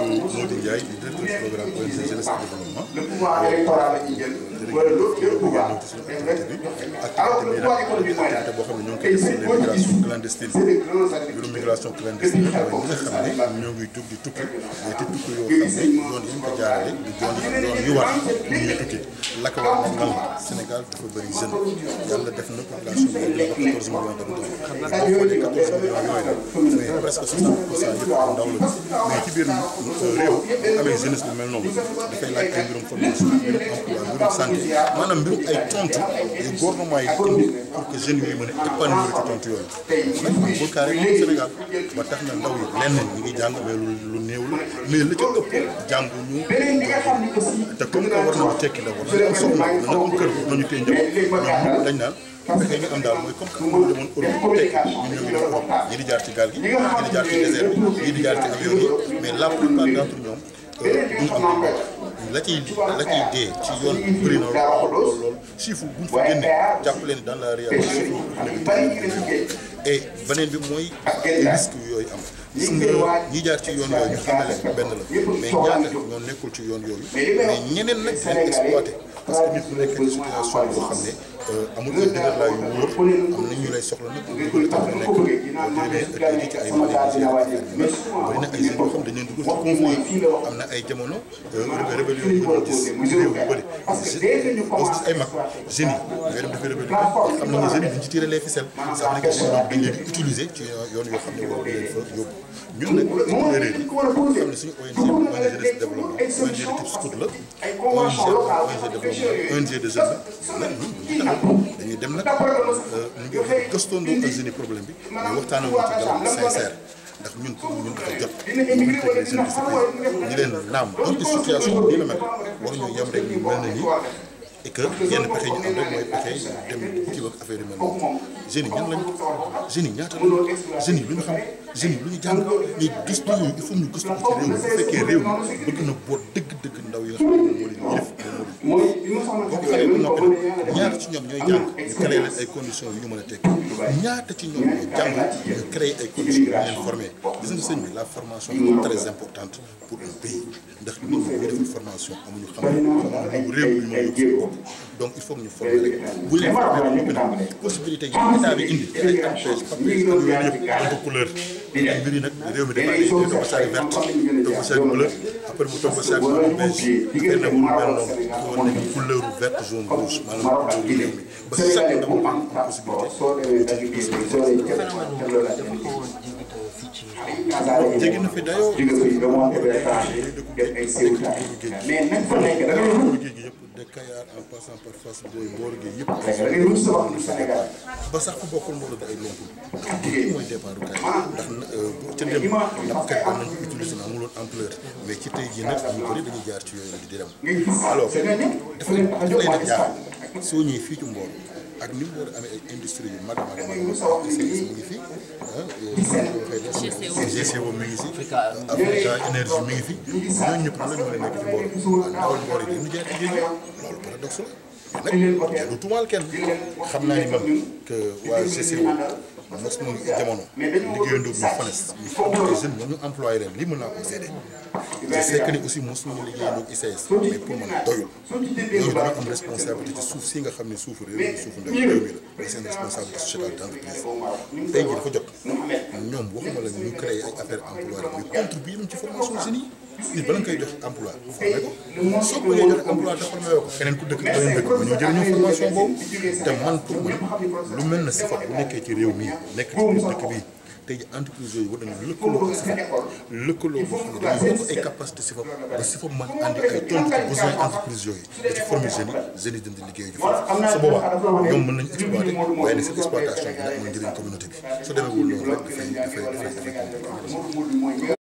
Modou Ndiaye di directeur programme ONG Jeunesse et Développement. boo xam ne ñoo ngi koy def migration clandestine mbirum migration clandestine mooy ñi nga xam ne ñoo ngi dugg di tukki te tukki yoo xam ne yoon yi ñu ko jaarale yu war ñuy tukki la ko war a Sénégal dafa bëri jeune yàlla def na population yooyu nag presque 60 pour cent yëpp ndaw la mais ci biir euh, réew amee jeunesse bu mel noonu dafay laaj ay mbirum formation mbirum emploi mbirum ay tontu yu gouvernement yi indi pour que jeunes yi mën a épanouir ci tontu na ndaw yi lenn ngi jàng mais lu néew la mais li ca ëpp jànguñu te comme que war nañu tekki d'abord dañu am soxna dañu am kër dañu tee njëkk ñoom dañ naan fexe ñu am daal mooy comme que amoon demoon Europe tekki ñun ñoo ngi Europe ñii di jaar ci gaal gi ñii di jaar ci désert bi ñii di jaar ci avion yi mais la plupart d'entre euh, dee ci yoon bëri na lool lool bu ñu fa génne jàpp leen dans la réalité chiffre bu bi mooy risque yooyu am gis nga ñi jaar yoon yooyu ñu xam ne leen benn la nekkul ci yoon yooyu mais ñeneen nag seen exploité parce que nit ku nekk ci situation boo xam ne euh, amul ay dëgërlaay yu wóor am na ñu lay soxla nag ñu ngi tax nekk boo demee ëtt ci ay xale yu bëri na ay jeunes yoo xam dañ leen dugal ci convoi am na ay jamono euh, rébellion yu ñu gis réew yu bëri boo gis ay mag jeunes yi ngay dem dafay rébellion am nañu jeunes yi duñ ci tiré les ficelles ça veut dire que dañ leen di utiliser ci yoon yoo xam ne war leen fa yóbbu ñun nag réeréer yi xam ne suñu ONG ONG de développement ONG de type scout la ONG ONG Euh, un GIE de jeune la dañuy dem nag ñu euh, ngi gëstoondoo ak jeunes problème bi mais waxtaanee woon ci gàllankoor sincère ndax ñun pour ñu ngi teg les jeunes discipline ñu leen naam donte situation bi la mel waruñu yem rek ñu mel na nii et que yenn pexe ñu am rek mooy pexe dem ci yi ñan lañ jeunes yi lu ñu xam jeunes yi lu ñu jàng ñu gëstu ko ci réew bu fekkee réew mi bëgg na boot dëgg-dëgg ndaw yi nga xam ne moo leen yëf kooku xale bu noppi ñaata ci ñoom ñooy jàng ñu créé ay conditions yu ñu mën a tekki ñaata ci ñoom ñooy jàng ñu créé ay conditions yu leen formé gis nga sëñ bi la formation est très importante pour un pays ndax nit ñi bu deful ñu mën donc il faut que ñu former rek bu leen formé ba noppi nag yi état bi indi ay empêche yooyu yëpp dafa couleur mbir yi nag réew mi dafa promoteur ba saa moom bees kenn amul mel noonu ñu couleur verte jaune rouge maanaam couleur réew mi ba sax dama am possibilité ñu gis ko jéggi na fi dayoo. jéggi na fi dayoo. mais nag fa nekk da ngay Kayar en passant par Fass Boy boor gi yëpp. ba sax ku bokkul mbooloo bi ay lomp. mooy départ bu Kayar ah. ndax euh, ca dem nappkat ba nañ ko utiliser na amuloon ampleur mais ci tey jii nag ñu bëri dañuy jaar ci yooyu di dem alors dafay dafay def jaar. soo ñëwee fii ci Mboro ak ni Mboro amee industrie yu mag a mag a mag service mu ngi fi GCO ah, eh, mi ngi si Africa énergie mi ngi fi ñooñu ñëpp lan lañu a nekk ci Mboro ndaw Mboro yi dañu jaay ci géej loolu paradoxe la mais nag du tumaal kenn xam naa ni man que waa GCO man nag suma jamono liggéeyandoo ñu FONES ñu former des jeunes ñoom ñu employé lii mën naa ko seede je sais que ni aussi mosuñu liggéeyandoo ICS mais pour man doyul loolu dana am responsabilité ci suuf si nga xam ne suufu réew mi suufu ndaw réew mi la seen responsabilité sociétale d'entreprise tey jii dafa jot ñoom waxuma la ñu créé ay affaire emploi mais contribuer nañ ci formation jeunes yi nit bala nga koy jox emploi formé na soo ko bëggee jox emploi te formé ko feneen ku dëkk beneen dëkk ba ñoo jëriñoo formation boobu te man pour man lu mel na SIFAP bu nekkee ci réew mii nekk ci biir dëkk bii tey ji entreprise yooyu war nañu lëkkaloo ak SIFAP lëkkaloo boo xam ne dañuy yokk ay capacité SIFAP ba SIFAP man àndi ay tontu ci besoin entreprise yooyu da ci former jeunes dindi liggéey ju foofu su boobaa ñoom mën nañu exploité waaye ne seen exploitation bi nag mooy